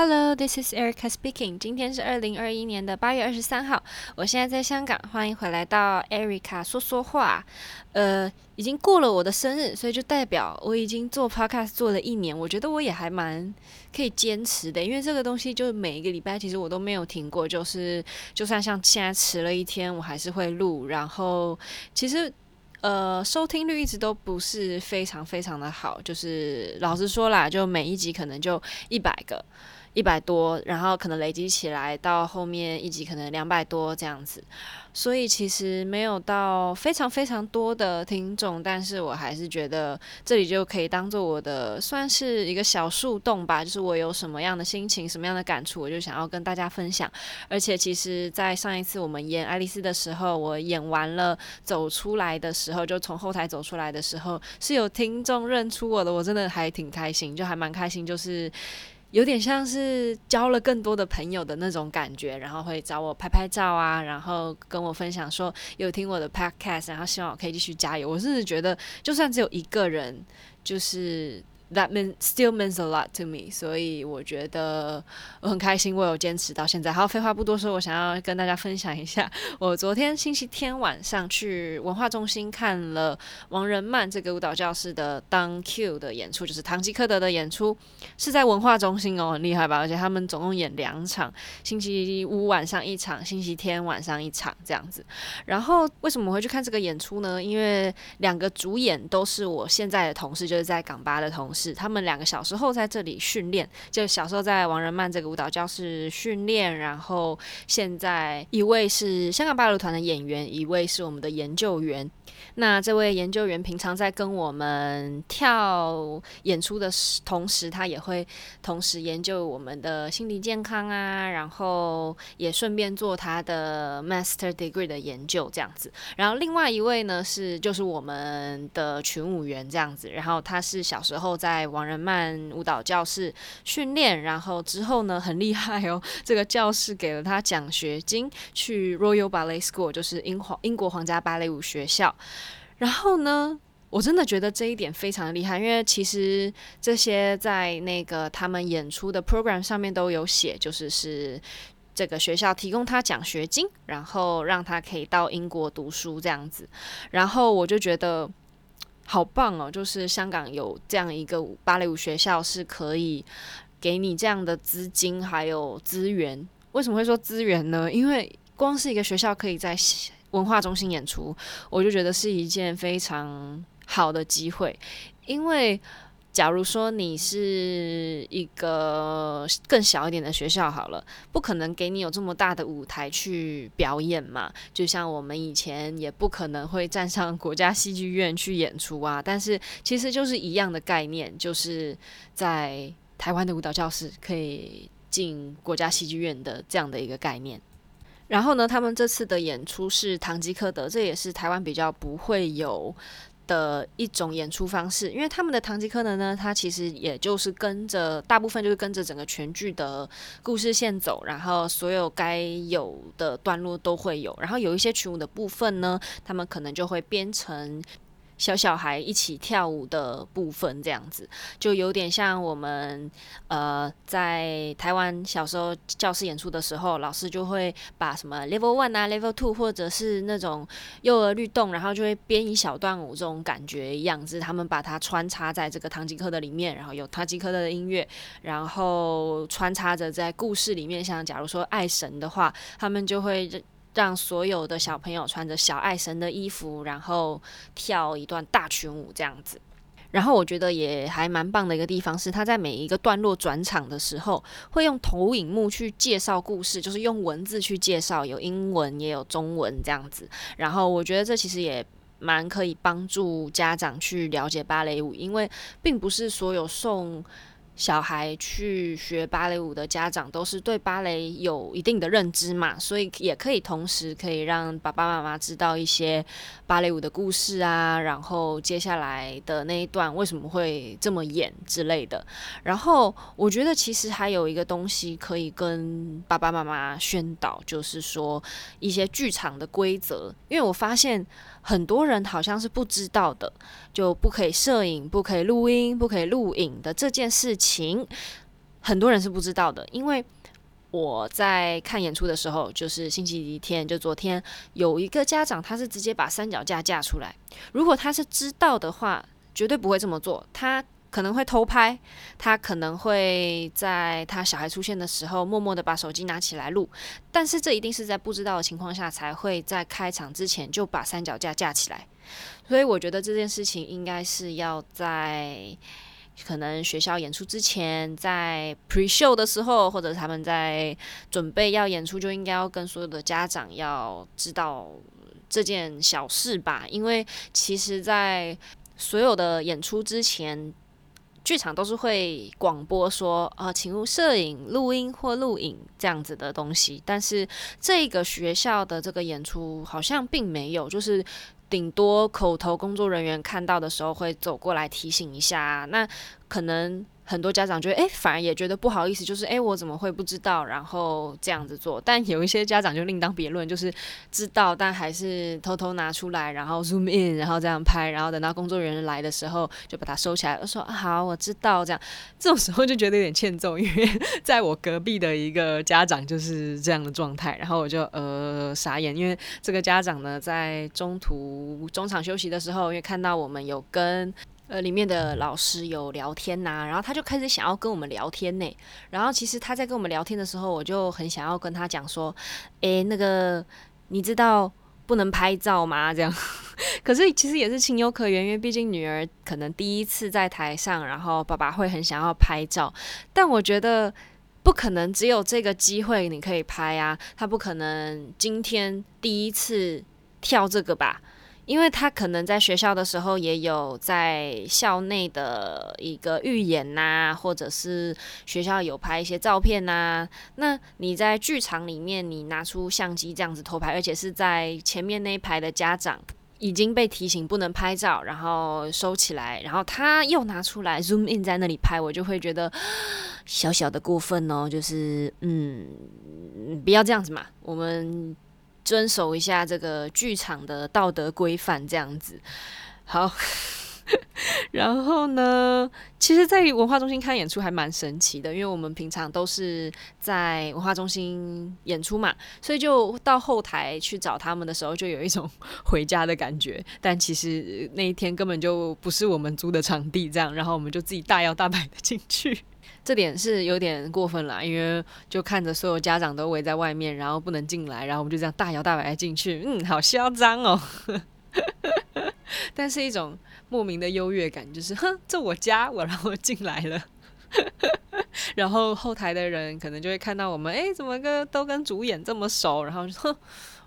Hello, this is Erica speaking. 今天是二零二一年的八月二十三號，我現在在香港，歡迎回來到 Erica 說說話。呃，已經過了我的生日，所以就代表我已經做 podcast 做了一年，我覺得我也還蠻可以堅持的，因為這個東西就是每一個禮拜其實我都沒有停過，就是就算像現在遲了一天，我還是會錄。然後其實呃，收聽率一直都不是非常非常的好，就是老實說啦，就每一集可能就一百個。一百多，然後可能累積起來到後面一集可能兩百多這樣子，所以其實沒有到非常非常多的聽眾，但是我還是覺得這裡就可以當做我的算是一個小樹洞吧，就是我有什麼樣的心情，什麼樣的感觸，我就想要跟大家分享。而且其實，在上一次我們演《愛麗絲》的時候，我演完了走出來的時候，就從後台走出來的時候，是有聽眾認出我的，我真的還挺開心，就還蠻開心，就是。有點像是交了更多的朋友的那種感覺，然後會找我拍拍照啊，然後跟我分享說有聽我的 podcast，然後希望我可以繼續加油。我甚至覺得，就算只有一個人，就是。That means still means a lot to me，所以我覺得我很開心，我有堅持到現在。好，廢話不多說，我想要跟大家分享一下，我昨天星期天晚上去文化中心看了王仁曼這個舞蹈教室的《Don Q》的演出，就是《唐吉訶德》的演出，是在文化中心哦，很厲害吧？而且他們總共演兩場，星期五晚上一場，星期天晚上一場這樣子。然後為什麼我會去看這個演出呢？因為兩個主演都是我現在的同事，就是在港八的同事。是他們兩個小時候在這裡訓練，就小時候在王仁曼這個舞蹈教室訓練，然後現在一位是香港芭蕾團的演員，一位是我們的研究員。那這位研究員平常在跟我們跳演出的時，同時他也會同時研究我們的心理健康啊，然後也順便做他的 master degree 的研究這樣子。然後另外一位呢，是就是我們的群舞員這樣子，然後他是小時候在王仁曼舞蹈教室訓練，然後之後呢，很厲害哦、喔，這個教室給了他獎學金去 Royal Ballet School，就是英皇英國皇家芭蕾舞學校。然後呢，我真的覺得這一點非常厲害，因為其實這些在那個他們演出的 program 上面都有寫，就是是這個學校提供他獎學金，然後讓他可以到英國讀書這樣子。然後我就覺得好棒哦，就是香港有這樣一個芭蕾舞學校是可以給你這樣的資金還有資源。為什麼會說資源呢？因為光是一個學校可以在文化中心演出，我就覺得是一件非常好的機會，因為假如說你是一個更小一點的學校好了，不可能給你有這麼大的舞台去表演嘛。就像我們以前也不可能會站上國家戲劇院去演出啊，但是其實就是一樣的概念，就是在台灣的舞蹈教室可以進國家戲劇院的這樣的一個概念。然後呢，他們這次的演出是《堂吉訶德》，這也是台灣比較不會有的一種演出方式。因為他們的《堂吉訶德》呢，它其實也就是跟着大部分就是跟着整個全劇的故事線走，然後所有該有的段落都會有。然後有一些群舞的部分呢，他們可能就會編成。小小孩一起跳舞的部分，這樣子就有點像我們呃在台灣小時候教室演出的時候，老師就會把什麼 level one 啊 level two 或者是那種幼兒律動，然後就會編一小段舞這種感覺一樣子，他們把它穿插在這個唐吉訶德裡面，然後有唐吉訶德的音樂，然後穿插着在故事裡面，像假如說愛神的話，他們就會。讓所有的小朋友穿着小愛神的衣服，然後跳一段大群舞，這樣子。然後我覺得也還蠻棒的一個地方是，他在每一個段落轉場的時候，會用投影幕去介紹故事，就是用文字去介紹，有英文也有中文這樣子。然後我覺得這其實也蠻可以幫助家長去了解芭蕾舞，因為並不是所有送小孩去學芭蕾舞的家長都是對芭蕾有一定的認知嘛，所以也可以同時可以讓爸爸媽媽知道一些芭蕾舞的故事啊，然後接下來的那一段為什麼會這麼演之類的。然後我覺得其實還有一個東西可以跟爸爸媽媽宣導，就是說一些劇場的規則，因為我發現。很多人好像是不知道的，就不可以攝影，不可以錄音，不可以錄影的這件事情，很多人是不知道的。因為我在看演出的時候，就是星期天，就昨天有一個家長，他是直接把三腳架架出來。如果他是知道的話，絕對不會這麼做。他。可能會偷拍，他可能會在他小孩出現的時候，默默的把手機拿起來錄。但是這一定是在不知道的情況下，才會在開場之前就把三腳架架起來。所以我覺得這件事情應該是要在可能學校演出之前，在 pre show 的時候，或者是他們在準備要演出，就應該要跟所有的家長要知道這件小事吧。因為其實，在所有的演出之前，劇場都是會廣播說，啊，請勿攝影、錄音或錄影這樣子的東西。但是這個學校的這個演出好像並沒有，就是頂多口頭工作人員看到的時候會走過來提醒一下。那可能很多家長就會，欸，反而也覺得不好意思，就是，誒、欸，我怎麼會不知道？然後這樣子做。但有一些家長就另當別論，就是知道，但還是偷偷拿出來，然後 zoom in，然後這樣拍，然後等到工作人員來的時候，就把它收起來，我說好，我知道。這樣，這種時候就覺得有點欠揍，因為在我隔壁的一個家長就是這樣的狀態，然後我就呃傻眼，因為這個家長呢，在中途中場休息的時候，因為看到我們有跟。呃，裡面的老師有聊天吶、啊，然後他就開始想要跟我們聊天呢。然後其實他在跟我們聊天的時候，我就很想要跟他講說：“誒、欸，那個你知道不能拍照嗎？”這樣，可是其實也是情有可原，因為畢竟女兒可能第一次在台上，然後爸爸會很想要拍照。但我覺得不可能只有這個機會你可以拍啊，他不可能今天第一次跳這個吧。因為他可能在學校的時候也有在校內的一個預演吶、啊，或者是學校有拍一些照片吶、啊。那你在劇場裡面，你拿出相機這樣子偷拍，而且是在前面那一排的家長已經被提醒不能拍照，然後收起來，然後他又拿出來 zoom in 在那裡拍，我就會覺得小小的過分哦，就是嗯，不要這樣子嘛，我們。遵守一下這個劇場的道德規範，這樣子好。 然後呢，其實，在文化中心看演出還蠻神奇的，因為我們平常都是在文化中心演出嘛，所以就到後台去找他們的時候，就有一種回家的感覺。但其實那一天根本就不是我們租的場地，這樣，然後我們就自己大搖大擺的進去。這點是有點過分啦，因為就看着所有家長都圍在外面，然後不能進來，然後我們就這樣大搖大擺地進去，嗯，好囂張哦， 但是一種莫名的優越感，就是哼，這我家我然後進來了， 然後後台的人可能就會看到我們，哎，怎麼個都跟主演這麼熟，然後就說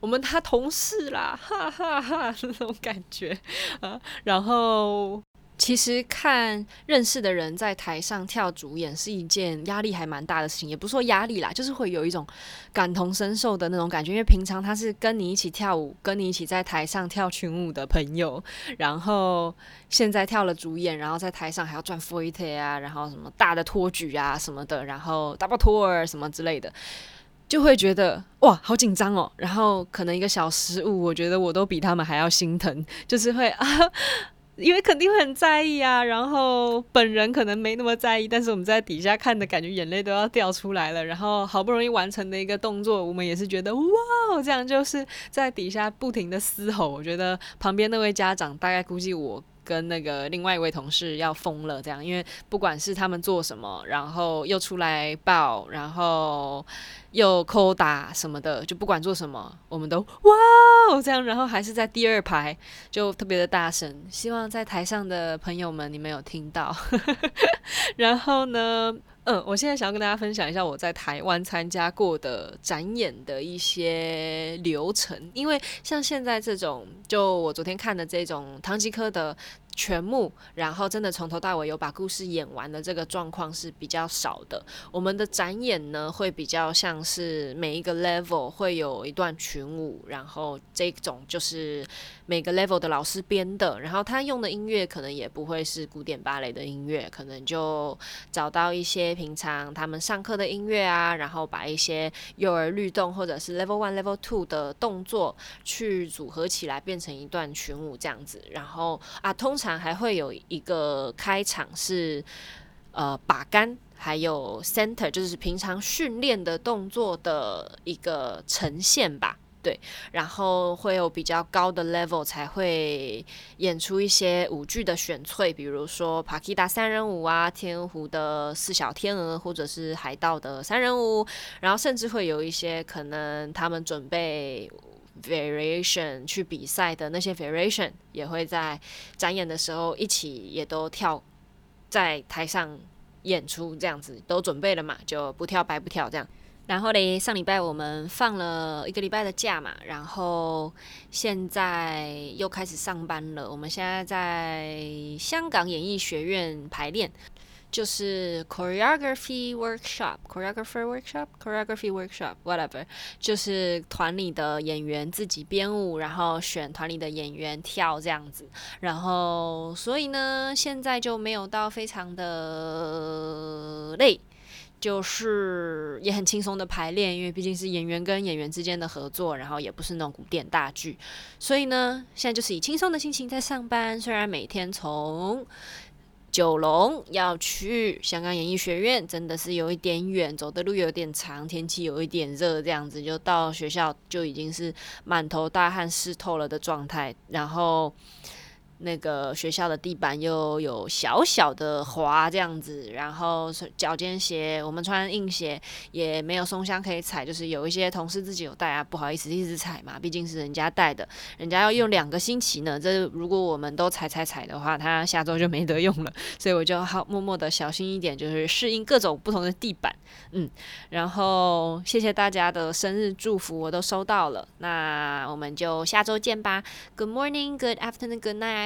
我們他同事啦，哈哈哈，哈，這種感覺啊，然後。其實看認識的人在台上跳主演是一件壓力還蠻大的事情，也不說壓力啦，就是會有一種感同身受的那種感覺。因為平常他是跟你一起跳舞，跟你一起在台上跳群舞的朋友，然後現在跳了主演，然後在台上還要轉 f o r t 啊，然後什麼大的托舉啊什麼的，然後 double 托兒什麼之類的，就會覺得哇，好緊張哦。然後可能一個小失誤，我覺得我都比他們還要心疼，就是會啊。因為肯定會很在意啊，然後本人可能沒那麼在意，但是我們在底下看的感覺，眼淚都要掉出來了。然後好不容易完成的一個動作，我們也是覺得哇，這樣就是在底下不停的嘶吼。我覺得旁邊那位家長大概估計我。跟那個另外一位同事要瘋了，這樣，因為不管是他們做什麼，然後又出來抱，然後又扣打什麼的，就不管做什麼，我們都哇哦，這樣，然後還是在第二排，就特別的大聲，希望在台上的朋友們你們有聽到， 然後呢？嗯，我現在想要跟大家分享一下我在台灣參加過的展演的一些流程，因為像現在這種，就我昨天看的這種唐吉訶德。全幕，然後真的從頭到尾有把故事演完的這個狀況是比較少的。我們的展演呢，會比較像是每一個 level 會有一段群舞，然後這種就是每個 level 的老師編的，然後他用的音樂可能也不會是古典芭蕾的音樂，可能就找到一些平常他們上課的音樂啊，然後把一些幼兒律動或者是 level one、level two 的動作去組合起來變成一段群舞這樣子，然後啊，通常。還會有一個開場是，呃，把杆，還有 center，就是平常訓練的動作的一個呈現吧，對。然後會有比較高的 level 才會演出一些舞劇的選粹，比如說 Paquita 三人舞啊，天湖的四小天鵝，或者是海盜的三人舞。然後甚至會有一些可能他們準備。Variation 去比賽的那些 variation 也會在展演的時候一起也都跳，在台上演出這樣子，都準備了嘛，就不跳白不跳這樣。然後嘞，上禮拜我們放了一個禮拜的假嘛，然後現在又開始上班了。我們現在在香港演藝學院排練。就是 choreography workshop, choreographer workshop, choreography workshop, whatever。就是團裡的演員自己編舞，然後選團裡的演員跳這樣子。然後，所以呢，現在就沒有到非常的累，就是也很輕鬆的排練，因為畢竟是演員跟演員之間的合作，然後也不是那種古典大劇，所以呢，現在就是以輕鬆的心情在上班，雖然每天從九龍要去香港演藝學院，真的是有一點遠，走的路有點長，天氣有一點熱，這樣子就到學校就已經是滿頭大汗，濕透了的狀態，然後。那個學校的地板又有小小的滑這樣子，然後腳尖鞋我們穿硬鞋也沒有松香可以踩，就是有一些同事自己有帶啊，不好意思一直踩嘛，畢竟是人家帶的，人家要用兩個星期呢，這如果我們都踩踩踩的話，他下周就沒得用了，所以我就好默默的小心一點，就是適應各種不同的地板，嗯，然後謝謝大家的生日祝福，我都收到了，那我們就下周見吧，Good morning，good afternoon，good night。